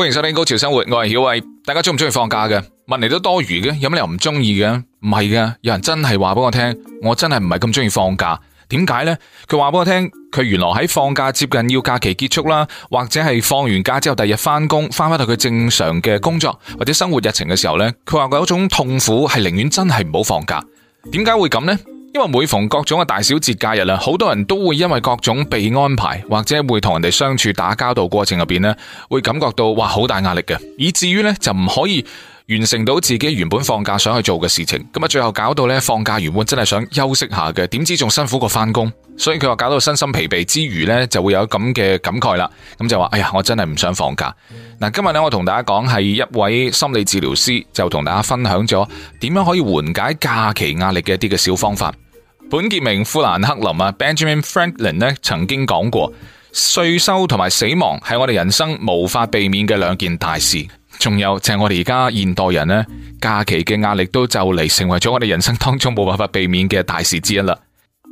歡迎收聽《高潮生活》，我係曉慧。大家中唔中意放假嘅？問嚟都多餘嘅。有咩理由唔中意嘅？唔係嘅，有人真係話俾我聽，我真係唔係咁中意放假。點解呢？佢話俾我聽，佢原來喺放假接近要假期結束啦，或者係放完假之後第日翻工，翻返到佢正常嘅工作或者生活日程嘅時候呢，佢話佢有一種痛苦，係寧願真係唔好放假。點解會咁呢？因為每逢各種嘅大小節假日啦，好多人都會因為各種被安排，或者會同人哋相處打交道過程入邊咧，會感覺到哇好大壓力嘅，以至於呢就唔可以。完成到自己原本放假想去做嘅事情，咁啊最後搞到咧放假原本真係想休息下嘅，點知仲辛苦過翻工，所以佢話搞到身心疲憊之餘咧，就會有咁嘅感慨啦。咁就話：哎呀，我真係唔想放假。嗱，今日咧我同大家講係一位心理治療師，就同大家分享咗點樣可以緩解假期壓力嘅一啲嘅小方法。本傑明富蘭克林啊，Benjamin Franklin 咧曾經講過，稅收同埋死亡係我哋人生無法避免嘅兩件大事。仲有就係我哋而家現代人呢，假期嘅壓力都就嚟成為咗我哋人生當中冇辦法避免嘅大事之一啦。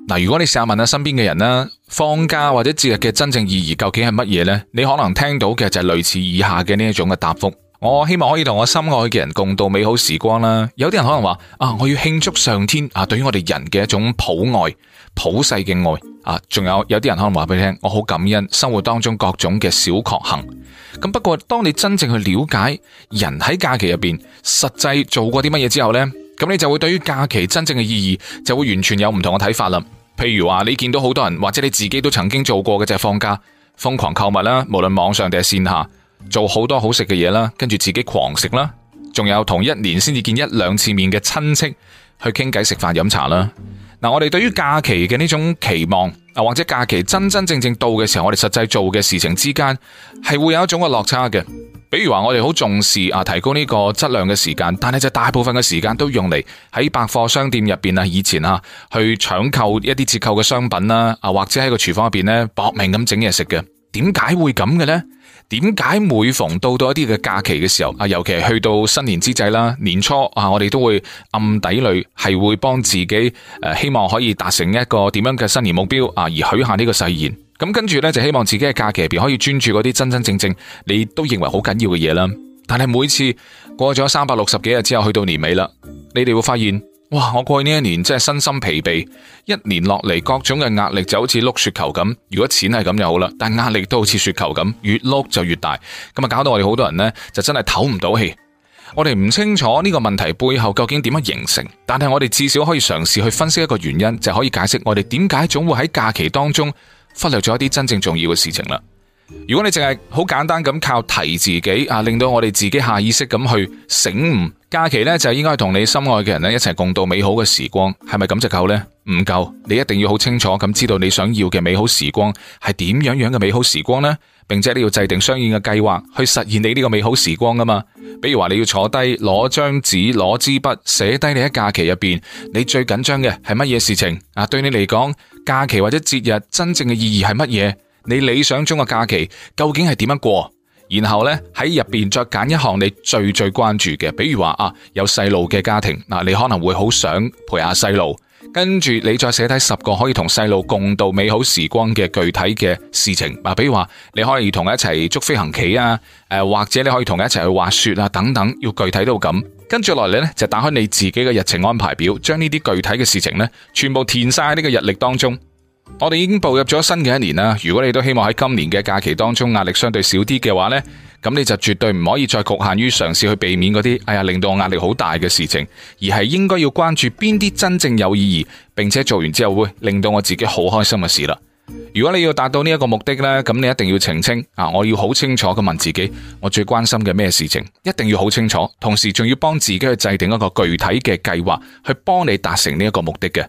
嗱，如果你試下問下身邊嘅人呢，放假或者節日嘅真正意義究竟係乜嘢呢？你可能聽到嘅就係類似以下嘅呢一種嘅答覆。我希望可以同我心愛嘅人共度美好時光啦。有啲人可能話啊，我要慶祝上天啊，對於我哋人嘅一種普愛普世嘅愛。啊，仲有有啲人可能話俾你聽，我好感恩生活當中各種嘅小確幸。咁不過當你真正去了解人喺假期入邊實際做過啲乜嘢之後呢，咁你就會對於假期真正嘅意義就會完全有唔同嘅睇法啦。譬如話你見到好多人或者你自己都曾經做過嘅就係放假瘋狂購物啦，無論網上定係線下，做好多好食嘅嘢啦，跟住自己狂食啦，仲有同一年先至見一兩次面嘅親戚去傾偈食飯飲茶啦。嗱，我哋對於假期嘅呢種期望，啊或者假期真真正正到嘅時候，我哋實際做嘅事情之間係會有一種嘅落差嘅。比如話我哋好重視啊提高呢個質量嘅時間，但係就是大部分嘅時間都用嚟喺百貨商店入邊啊，以前吓去搶購一啲折扣嘅商品啦，啊或者喺個廚房入邊咧搏命咁整嘢食嘅，點解會咁嘅咧？點解每逢到到一啲嘅假期嘅時候啊，尤其係去到新年之際啦、年初啊，我哋都會暗底裏係會幫自己誒，希望可以達成一個點樣嘅新年目標啊，而許下呢個誓言。咁跟住咧，就希望自己嘅假期入邊可以專注嗰啲真真正正你都認為好緊要嘅嘢啦。但係每次過咗三百六十幾日之後，去到年尾啦，你哋會發現。哇！我過去呢一年真係身心疲憊，一年落嚟各種嘅壓力就好似碌雪球咁。如果錢係咁就好啦，但係壓力都好似雪球咁，越碌就越大。咁啊，搞到我哋好多人呢，就真係唞唔到氣。我哋唔清楚呢個問題背後究竟點樣形成，但係我哋至少可以嘗試去分析一個原因，就可以解釋我哋點解總會喺假期當中忽略咗一啲真正重要嘅事情啦。如果你淨係好簡單咁靠提自己啊，令到我哋自己下意識咁去醒悟。假期咧就係應該同你心愛嘅人咧一齊共度美好嘅時光，係咪咁就夠呢？唔夠。你一定要好清楚咁知道你想要嘅美好時光係點樣樣嘅美好時光呢？並且你要制定相應嘅計劃去實現你呢個美好時光啊嘛。比如話你要坐低攞張紙攞支筆寫低你喺假期入邊你最緊張嘅係乜嘢事情啊？對你嚟講假期或者節日真正嘅意義係乜嘢？你理想中嘅假期究竟係點樣過？然後呢，喺入邊再揀一項你最最關注嘅，比如話啊有細路嘅家庭，嗱，你可能會好想陪下細路，跟住你再寫低十個可以同細路共度美好時光嘅具體嘅事情，嗱，比如話你可以同佢一齊捉飛行棋啊，誒、呃、或者你可以同佢一齊去滑雪啊等等，要具體到咁。跟住落嚟呢，就打開你自己嘅日程安排表，將呢啲具體嘅事情呢，全部填晒喺呢個日曆當中。我哋已經步入咗新嘅一年啦。如果你都希望喺今年嘅假期當中壓力相對少啲嘅話呢，咁你就絕對唔可以再局限於嘗試去避免嗰啲，哎呀令到我壓力好大嘅事情，而係應該要關注邊啲真正有意義，並且做完之後會令到我自己好開心嘅事啦。如果你要達到呢一個目的呢，咁你一定要澄清啊！我要好清楚咁問自己，我最關心嘅咩事情，一定要好清楚，同時仲要幫自己去制定一個具體嘅計劃，去幫你達成呢一個目的嘅。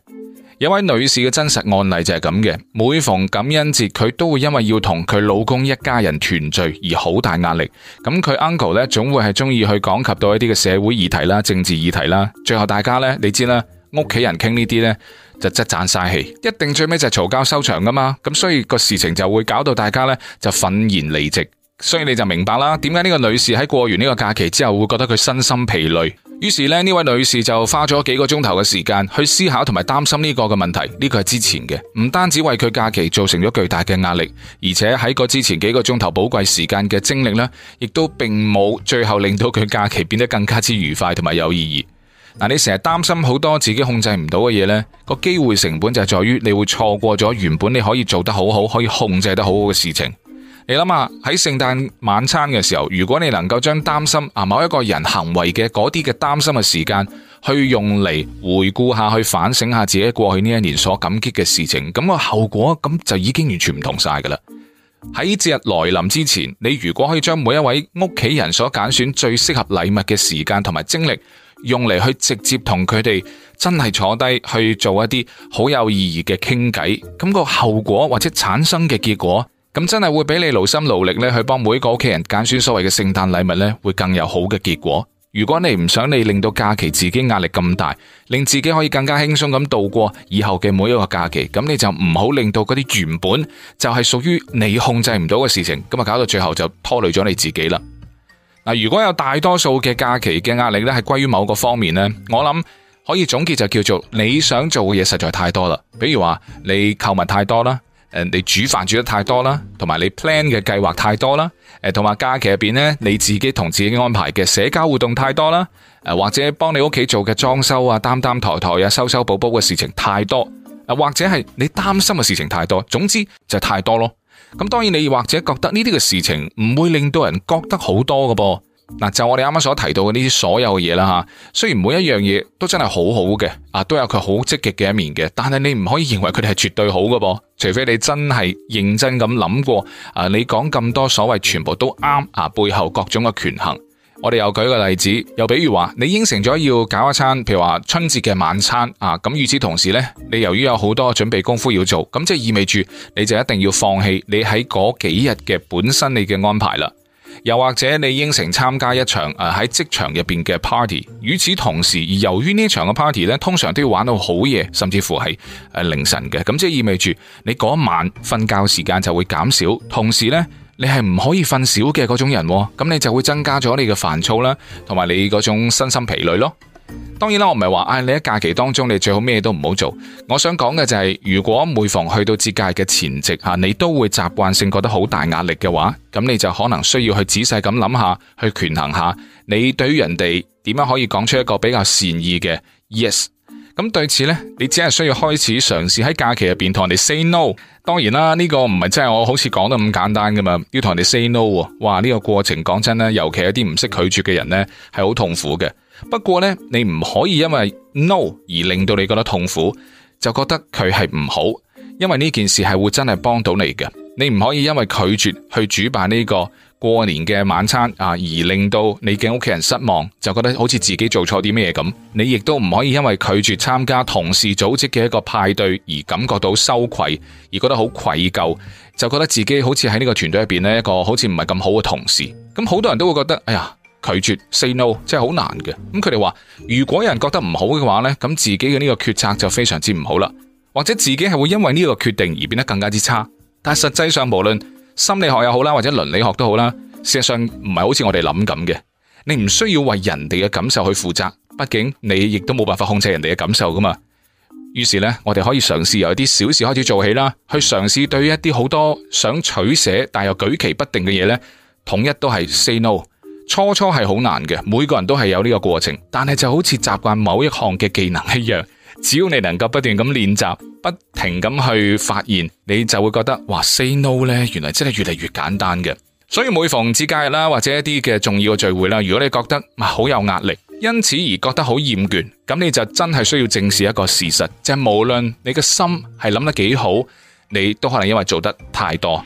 有位女士嘅真實案例就係咁嘅，每逢感恩節佢都會因為要同佢老公一家人團聚而好大壓力。咁佢 uncle 呢總會係鍾意去講及到一啲嘅社會議題啦、政治議題啦。最後大家呢，你知啦，屋企人傾呢啲呢，就即賺晒氣，一定最尾就係嘈交收場噶嘛。咁所以個事情就會搞到大家呢，就憤然離席。所以你就明白啦，點解呢個女士喺過完呢個假期之後會覺得佢身心疲累？於是咧，呢位女士就花咗幾個鐘頭嘅時間去思考同埋擔心呢個嘅問題。呢個係之前嘅，唔單止為佢假期造成咗巨大嘅壓力，而且喺個之前幾個鐘頭寶貴時間嘅精力咧，亦都並冇最後令到佢假期變得更加之愉快同埋有意義。嗱，你成日擔心好多自己控制唔到嘅嘢咧，個機會成本就係在於你會錯過咗原本你可以做得好好、可以控制得好好嘅事情。你諗下喺聖誕晚餐嘅時候，如果你能夠將擔心啊某一個人行為嘅嗰啲嘅擔心嘅時間，去用嚟，回顧下去反省下自己過去呢一年所感激嘅事情，咁個後果咁就已經完全唔同晒噶啦。喺節日來臨之前，你如果可以將每一位屋企人所揀選最適合禮物嘅時間同埋精力，用嚟去直接同佢哋真係坐低去做一啲好有意義嘅傾偈，咁個後果或者產生嘅結果。咁真係會俾你勞心勞力咧去幫每個屋企人揀選所謂嘅聖誕禮物咧，會更有好嘅結果。如果你唔想你令到假期自己壓力咁大，令自己可以更加輕鬆咁度過以後嘅每一個假期，咁你就唔好令到嗰啲原本就係屬於你控制唔到嘅事情，咁啊搞到最後就拖累咗你自己啦。嗱，如果有大多數嘅假期嘅壓力咧，係歸於某個方面呢，我諗可以總結就叫做你想做嘅嘢實在太多啦。比如話你購物太多啦。誒，你煮飯煮得太多啦，同埋你 plan 嘅計劃太多啦，誒，同埋假期入邊呢，你自己同自己安排嘅社交活動太多啦，誒，或者幫你屋企做嘅裝修啊，擔擔抬抬啊，收收補補嘅事情太多，啊，或者係你擔心嘅事情太多，總之就太多咯。咁當然你或者覺得呢啲嘅事情唔會令到人覺得好多嘅噃。嗱，就我哋啱啱所提到嘅呢啲所有嘅嘢啦吓，雖然每一樣嘢都真係好好嘅，啊，都有佢好積極嘅一面嘅，但係你唔可以認為佢哋係絕對好嘅噃，除非你真係認真咁諗過，啊，你講咁多所謂全部都啱，啊，背後各種嘅權衡，我哋又舉個例子，又比如話你應承咗要搞一餐，譬如話春節嘅晚餐啊，咁與此同時咧，你由於有好多準備功夫要做，咁即係意味住你就一定要放棄你喺嗰幾日嘅本身你嘅安排啦。又或者你應承參加一場誒喺職場入邊嘅 party，與此同時，由於呢場嘅 party 呢，通常都要玩到好夜，甚至乎係凌晨嘅，咁即係意味住你嗰晚瞓覺時間就會減少，同時呢，你係唔可以瞓少嘅嗰種人，咁你就會增加咗你嘅煩躁啦，同埋你嗰種身心疲累咯。當然啦，我唔係話，哎，你喺假期當中，你最好咩都唔好做。我想講嘅就係，如果每逢去到節假日嘅前夕吓，你都會習慣性覺得好大壓力嘅話，咁你就可能需要去仔細咁諗下，去權衡下，你對於人哋點樣可以講出一個比較善意嘅 yes。咁對此呢，你只係需要開始嘗試喺假期入邊同人哋 say no。當然啦，呢個唔係真係我好似講得咁簡單噶嘛，要同人哋 say no。哇，呢個過程講真咧，尤其係一啲唔識拒絕嘅人呢，係好痛苦嘅。不過呢，你唔可以因為 no 而令到你覺得痛苦，就覺得佢係唔好，因為呢件事係會真係幫到你嘅。你唔可以因為拒絕去主辦呢個過年嘅晚餐啊，而令到你嘅屋企人失望，就覺得好似自己做錯啲咩嘢咁。你亦都唔可以因為拒絕參加同事組織嘅一個派對而感覺到羞愧，而覺得好愧疚，就覺得自己好似喺呢個團隊入邊呢一個好似唔係咁好嘅同事。咁好多人都會覺得，哎呀。拒絕 say no，即係好難嘅。咁佢哋話，如果有人覺得唔好嘅話呢，咁自己嘅呢個決策就非常之唔好啦，或者自己係會因為呢個決定而變得更加之差。但係實際上，無論心理學又好啦，或者倫理學都好啦，事實上唔係好似我哋諗咁嘅。你唔需要為人哋嘅感受去負責，畢竟你亦都冇辦法控制人哋嘅感受噶嘛。於是呢，我哋可以嘗試由一啲小事開始做起啦，去嘗試對於一啲好多想取捨但又舉棋不定嘅嘢呢，統一都係 say no。初初係好難嘅，每個人都係有呢個過程，但係就好似習慣某一項嘅技能一樣，只要你能夠不斷咁練習，不停咁去發現，你就會覺得哇，say no 呢，原來真係越嚟越簡單嘅。所以每逢節假日啦，或者一啲嘅重要嘅聚會啦，如果你覺得好有壓力，因此而覺得好厭倦，咁你就真係需要正視一個事實，即係無論你嘅心係諗得幾好，你都可能因為做得太多。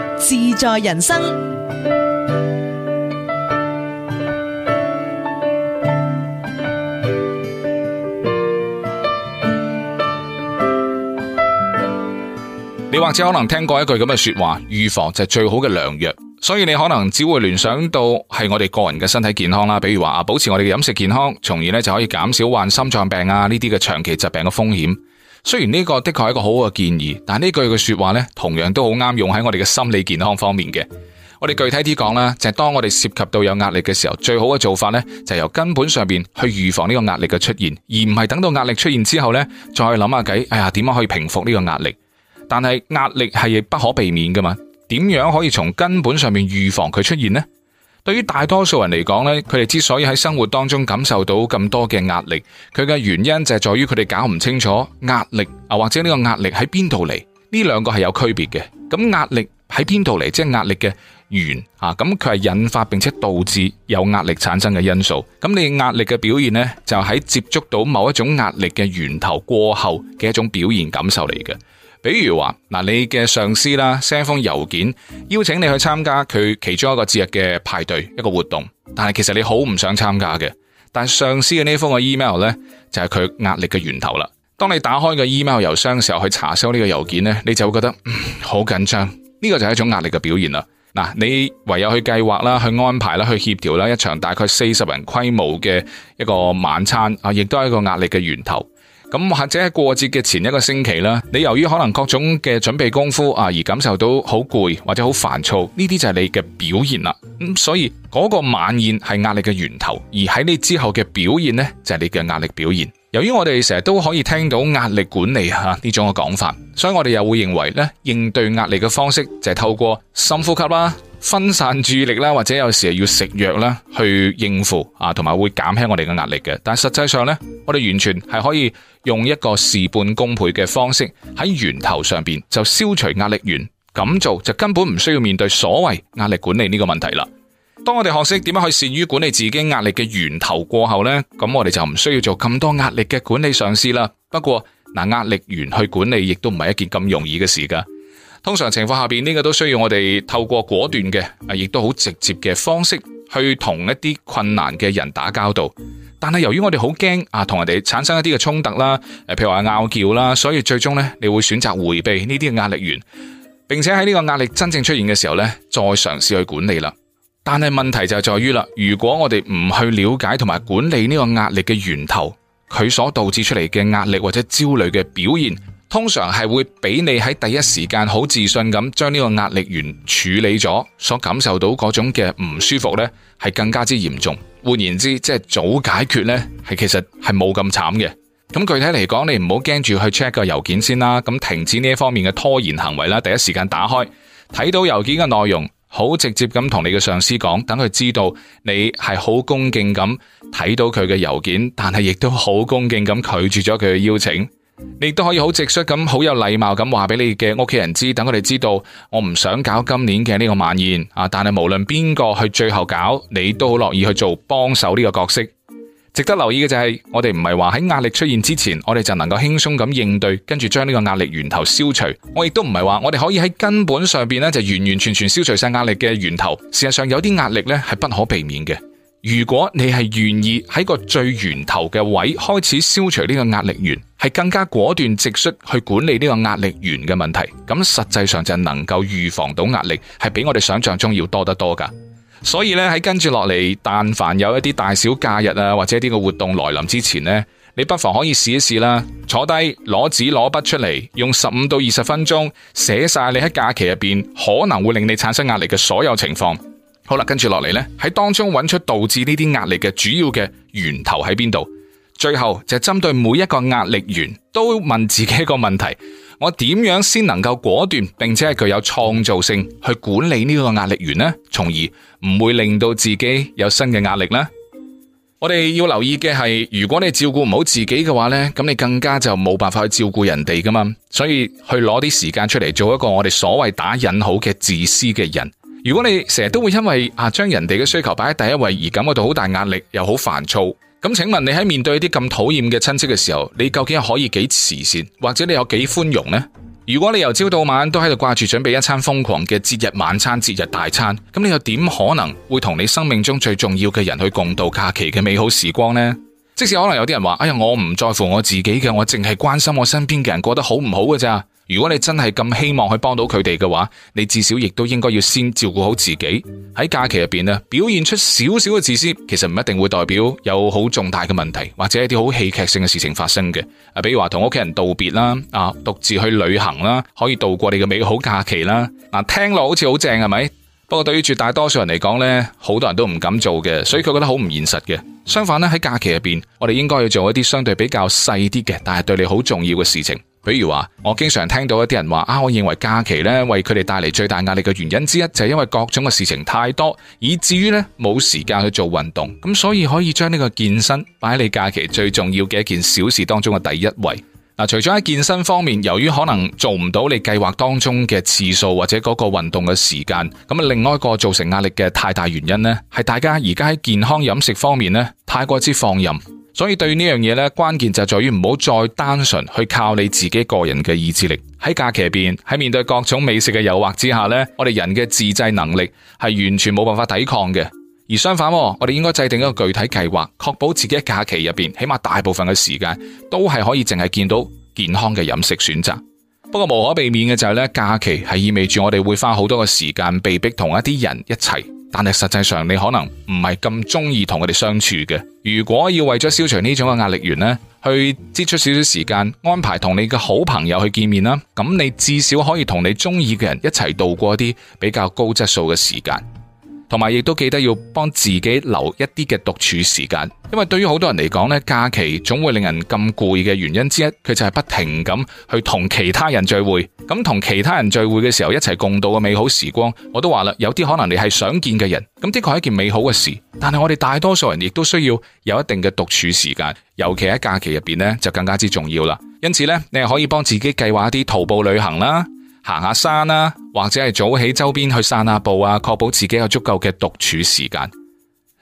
自在人生，你或者可能聽過一句咁嘅說話：預防就係最好嘅良藥。所以你可能只會聯想到係我哋個人嘅身體健康啦，比如話啊，保持我哋嘅飲食健康，從而呢就可以減少患心臟病啊呢啲嘅長期疾病嘅風險。雖然呢個的確係一個好好嘅建議，但係呢句嘅說話咧，同樣都好啱用喺我哋嘅心理健康方面嘅。我哋具體啲講啦，就係當我哋涉及到有壓力嘅時候，最好嘅做法呢，就係由根本上面去預防呢個壓力嘅出現，而唔係等到壓力出現之後呢，再諗下計，哎呀點樣可以平復呢個壓力？但係壓力係不可避免噶嘛？點樣可以從根本上面預防佢出現呢？對於大多數人嚟講呢，佢哋之所以喺生活當中感受到咁多嘅壓力，佢嘅原因就係在於佢哋搞唔清楚壓力啊，或者呢個壓力喺邊度嚟？呢兩個係有區別嘅。咁壓力喺邊度嚟？即係壓力嘅源啊，咁佢係引發並且導致有壓力產生嘅因素。咁你壓力嘅表現呢，就喺接觸到某一種壓力嘅源頭過後嘅一種表現感受嚟嘅。比如話嗱，你嘅上司啦，send 封郵件邀請你去參加佢其中一個節日嘅派對一個活動，但係其實你好唔想參加嘅，但上司嘅呢封嘅 email 咧就係佢壓力嘅源頭啦。當你打開個 email 郵箱嘅時候去查收呢個郵件咧，你就會覺得好緊張，呢、嗯這個就係一種壓力嘅表現啦。嗱，你唯有去計劃啦、去安排啦、去協調啦一場大概四十人規模嘅一個晚餐啊，亦都係一個壓力嘅源頭。咁或者喺過節嘅前一個星期啦，你由於可能各種嘅準備功夫啊，而感受到好攰或者好煩躁，呢啲就係你嘅表現啦。咁所以嗰個晚宴係壓力嘅源頭，而喺你之後嘅表現呢，就係你嘅壓力表現。由於我哋成日都可以聽到壓力管理吓呢種嘅講法，所以我哋又會認為呢，應對壓力嘅方式就係透過深呼吸啦。分散注意力啦，或者有時係要食藥啦，去應付啊，同埋會減輕我哋嘅壓力嘅。但實際上咧，我哋完全係可以用一個事半功倍嘅方式喺源頭上邊就消除壓力源。咁做就根本唔需要面對所謂壓力管理呢個問題啦。當我哋學識點樣去善於管理自己壓力嘅源頭過後咧，咁我哋就唔需要做咁多壓力嘅管理嘗試啦。不過嗱，壓力源去管理亦都唔係一件咁容易嘅事噶。通常情況下邊呢個都需要我哋透過果斷嘅，啊，亦都好直接嘅方式去同一啲困難嘅人打交道。但係由於我哋好驚啊，同人哋產生一啲嘅衝突啦，譬如話拗撬啦，所以最終呢，你會選擇回避呢啲嘅壓力源，並且喺呢個壓力真正出現嘅時候呢，再嘗試去管理啦。但係問題就係在於啦，如果我哋唔去了解同埋管理呢個壓力嘅源頭，佢所導致出嚟嘅壓力或者焦慮嘅表現。通常係會俾你喺第一時間好自信咁將呢個壓力源處理咗，所感受到嗰種嘅唔舒服呢係更加之嚴重。換言之，即係早解決呢係其實係冇咁慘嘅。咁具體嚟講，你唔好驚住去 check 個郵件先啦，咁停止呢一方面嘅拖延行為啦，第一時間打開睇到郵件嘅內容，好直接咁同你嘅上司講，等佢知道你係好恭敬咁睇到佢嘅郵件，但係亦都好恭敬咁拒絕咗佢嘅邀請。你都可以好直率咁，好有禮貌咁話俾你嘅屋企人知，等佢哋知道我唔想搞今年嘅呢個晚宴啊！但係無論邊個去最後搞，你都好樂意去做幫手呢個角色。值得留意嘅就係，我哋唔係話喺壓力出現之前，我哋就能夠輕鬆咁應對，跟住將呢個壓力源頭消除。我亦都唔係話，我哋可以喺根本上邊呢，就完完全全消除晒壓力嘅源頭。事實上有啲壓力呢，係不可避免嘅。如果你係願意喺個最源頭嘅位開始消除呢個壓力源，係更加果斷直率去管理呢個壓力源嘅問題，咁實際上就能夠預防到壓力，係比我哋想象中要多得多噶。所以咧，喺跟住落嚟，但凡有一啲大小假日啊，或者一啲嘅活動來臨之前呢，你不妨可以試一試啦，坐低攞紙攞筆出嚟，用十五到二十分鐘寫晒你喺假期入邊可能會令你產生壓力嘅所有情況。好啦，跟住落嚟呢，喺當中揾出導致呢啲壓力嘅主要嘅源頭喺邊度。最後就針對每一個壓力源都問自己一個問題：我點樣先能夠果斷並且係具有創造性去管理呢個壓力源呢？從而唔會令到自己有新嘅壓力呢？我哋要留意嘅係，如果你照顧唔好自己嘅話呢，咁你更加就冇辦法去照顧人哋噶嘛。所以去攞啲時間出嚟做一個我哋所謂打引號嘅自私嘅人。如果你成日都會因為啊將人哋嘅需求擺喺第一位而感覺到好大壓力又好煩躁，咁請問你喺面對啲咁討厭嘅親戚嘅時候，你究竟可以幾慈善或者你有幾寬容呢？如果你由朝到晚都喺度掛住準備一餐瘋狂嘅節日晚餐、節日大餐，咁你又點可能會同你生命中最重要嘅人去共度假期嘅美好時光呢？即使可能有啲人話：「哎呀，我唔在乎我自己嘅，我淨係關心我身邊嘅人過得好唔好嘅咋？如果你真係咁希望去幫到佢哋嘅話，你至少亦都應該要先照顧好自己。喺假期入邊咧，表現出少少嘅自私，其實唔一定會代表有好重大嘅問題，或者一啲好戲劇性嘅事情發生嘅。啊，比如話同屋企人道別啦，啊，獨自去旅行啦，可以度過你嘅美好假期啦。嗱，啊，聽落好似好正係咪？不過對於絕大多數人嚟講呢，好多人都唔敢做嘅，所以佢覺得好唔現實嘅。相反咧，喺假期入邊，我哋應該要做一啲相對比較細啲嘅，但係對你好重要嘅事情。比如話，我經常聽到一啲人話啊，我認為假期呢，為佢哋帶嚟最大壓力嘅原因之一就係因為各種嘅事情太多，以至於呢冇時間去做運動。咁所以可以將呢個健身擺喺你假期最重要嘅一件小事當中嘅第一位。嗱，啊，除咗喺健身方面，由於可能做唔到你計劃當中嘅次數或者嗰個運動嘅時間，咁啊另外一個造成壓力嘅太大原因呢，係大家而家喺健康飲食方面呢，太過之放任。所以對呢樣嘢咧，關鍵就在於唔好再單純去靠你自己個人嘅意志力。喺假期入邊，喺面對各種美食嘅誘惑之下咧，我哋人嘅自制能力係完全冇辦法抵抗嘅。而相反，我哋應該制定一個具體計劃，確保自己喺假期入邊，起碼大部分嘅時間都係可以淨係見到健康嘅飲食選擇。不過無可避免嘅就係咧，假期係意味住我哋會花好多嘅時間，被逼同一啲人一齊。但係實際上你可能唔係咁中意同佢哋相處嘅。如果要為咗消除呢種嘅壓力源咧，去擠出少少時間安排同你嘅好朋友去見面啦，咁你至少可以同你中意嘅人一齊度過一啲比較高質素嘅時間。同埋，亦都記得要幫自己留一啲嘅獨處時間，因為對於好多人嚟講呢，假期總會令人咁攰嘅原因之一，佢就係不停咁去同其他人聚會。咁同其他人聚會嘅時候，一齊共度嘅美好時光，我都話啦，有啲可能你係想見嘅人，咁的確係一件美好嘅事。但係我哋大多數人亦都需要有一定嘅獨處時間，尤其喺假期入邊呢，就更加之重要啦。因此呢，你係可以幫自己計劃一啲徒步旅行啦。行下山啦，或者係早起周邊去散下步啊，確保自己有足夠嘅獨處時間。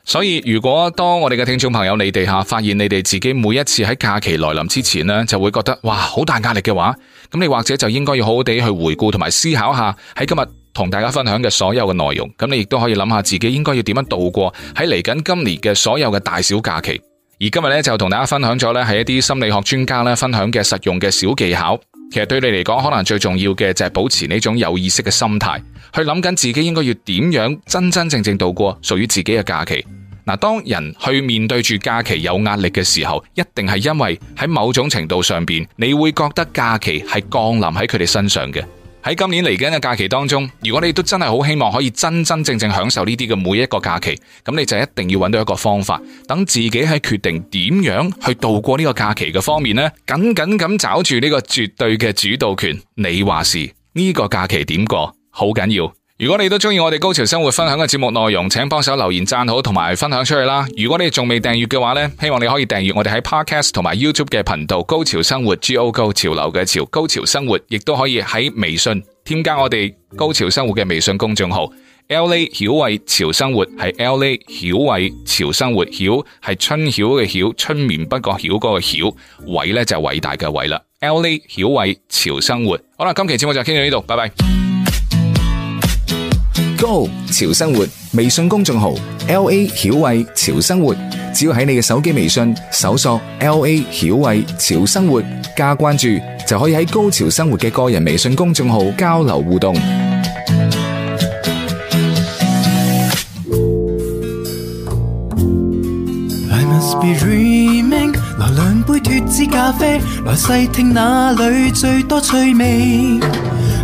所以，如果當我哋嘅聽眾朋友你哋吓，發現你哋自己每一次喺假期來臨之前呢，就會覺得哇，好大壓力嘅話，咁你或者就應該要好好地去回顧同埋思考下，喺今日同大家分享嘅所有嘅內容。咁你亦都可以諗下自己應該要點樣度過喺嚟緊今年嘅所有嘅大小假期。而今日呢，就同大家分享咗呢係一啲心理學專家呢分享嘅實用嘅小技巧。其實對你嚟講，可能最重要嘅就係保持呢種有意識嘅心態，去諗緊自己應該要點樣真真正正度過屬於自己嘅假期。嗱，當人去面對住假期有壓力嘅時候，一定係因為喺某種程度上邊，你會覺得假期係降臨喺佢哋身上嘅。喺今年嚟緊嘅假期當中，如果你都真係好希望可以真真正正享受呢啲嘅每一個假期，咁你就一定要揾到一個方法，等自己喺決定點樣去度過呢個假期嘅方面呢，緊緊咁找住呢個絕對嘅主導權，你話事，呢個假期點過好緊要。如果你都中意我哋高潮生活分享嘅節目內容，請幫手留言讚好同埋分享出去啦！如果你仲未訂閱嘅話呢，希望你可以訂閱我哋喺 Podcast 同埋 YouTube 嘅頻道《高潮生活 G O G》潮流嘅潮《高潮生活》，亦都可以喺微信添加我哋《高潮生活》嘅微信公眾號 L A 曉偉潮生活，係 L A 曉偉潮生活，曉係春曉嘅曉，春眠不覺曉嗰個曉，偉呢就偉大嘅偉啦！L A 曉偉潮生活。好啦，今期節目就傾到呢度，拜拜。Go 潮生活微信公眾號，L A 曉慧潮生活，只要喺你嘅手機微信搜索 L A 曉慧潮生活加關注，就可以喺高潮生活嘅個人微信公眾號交流互動。來兩杯脫脂咖啡，來細聽哪裏最多趣味。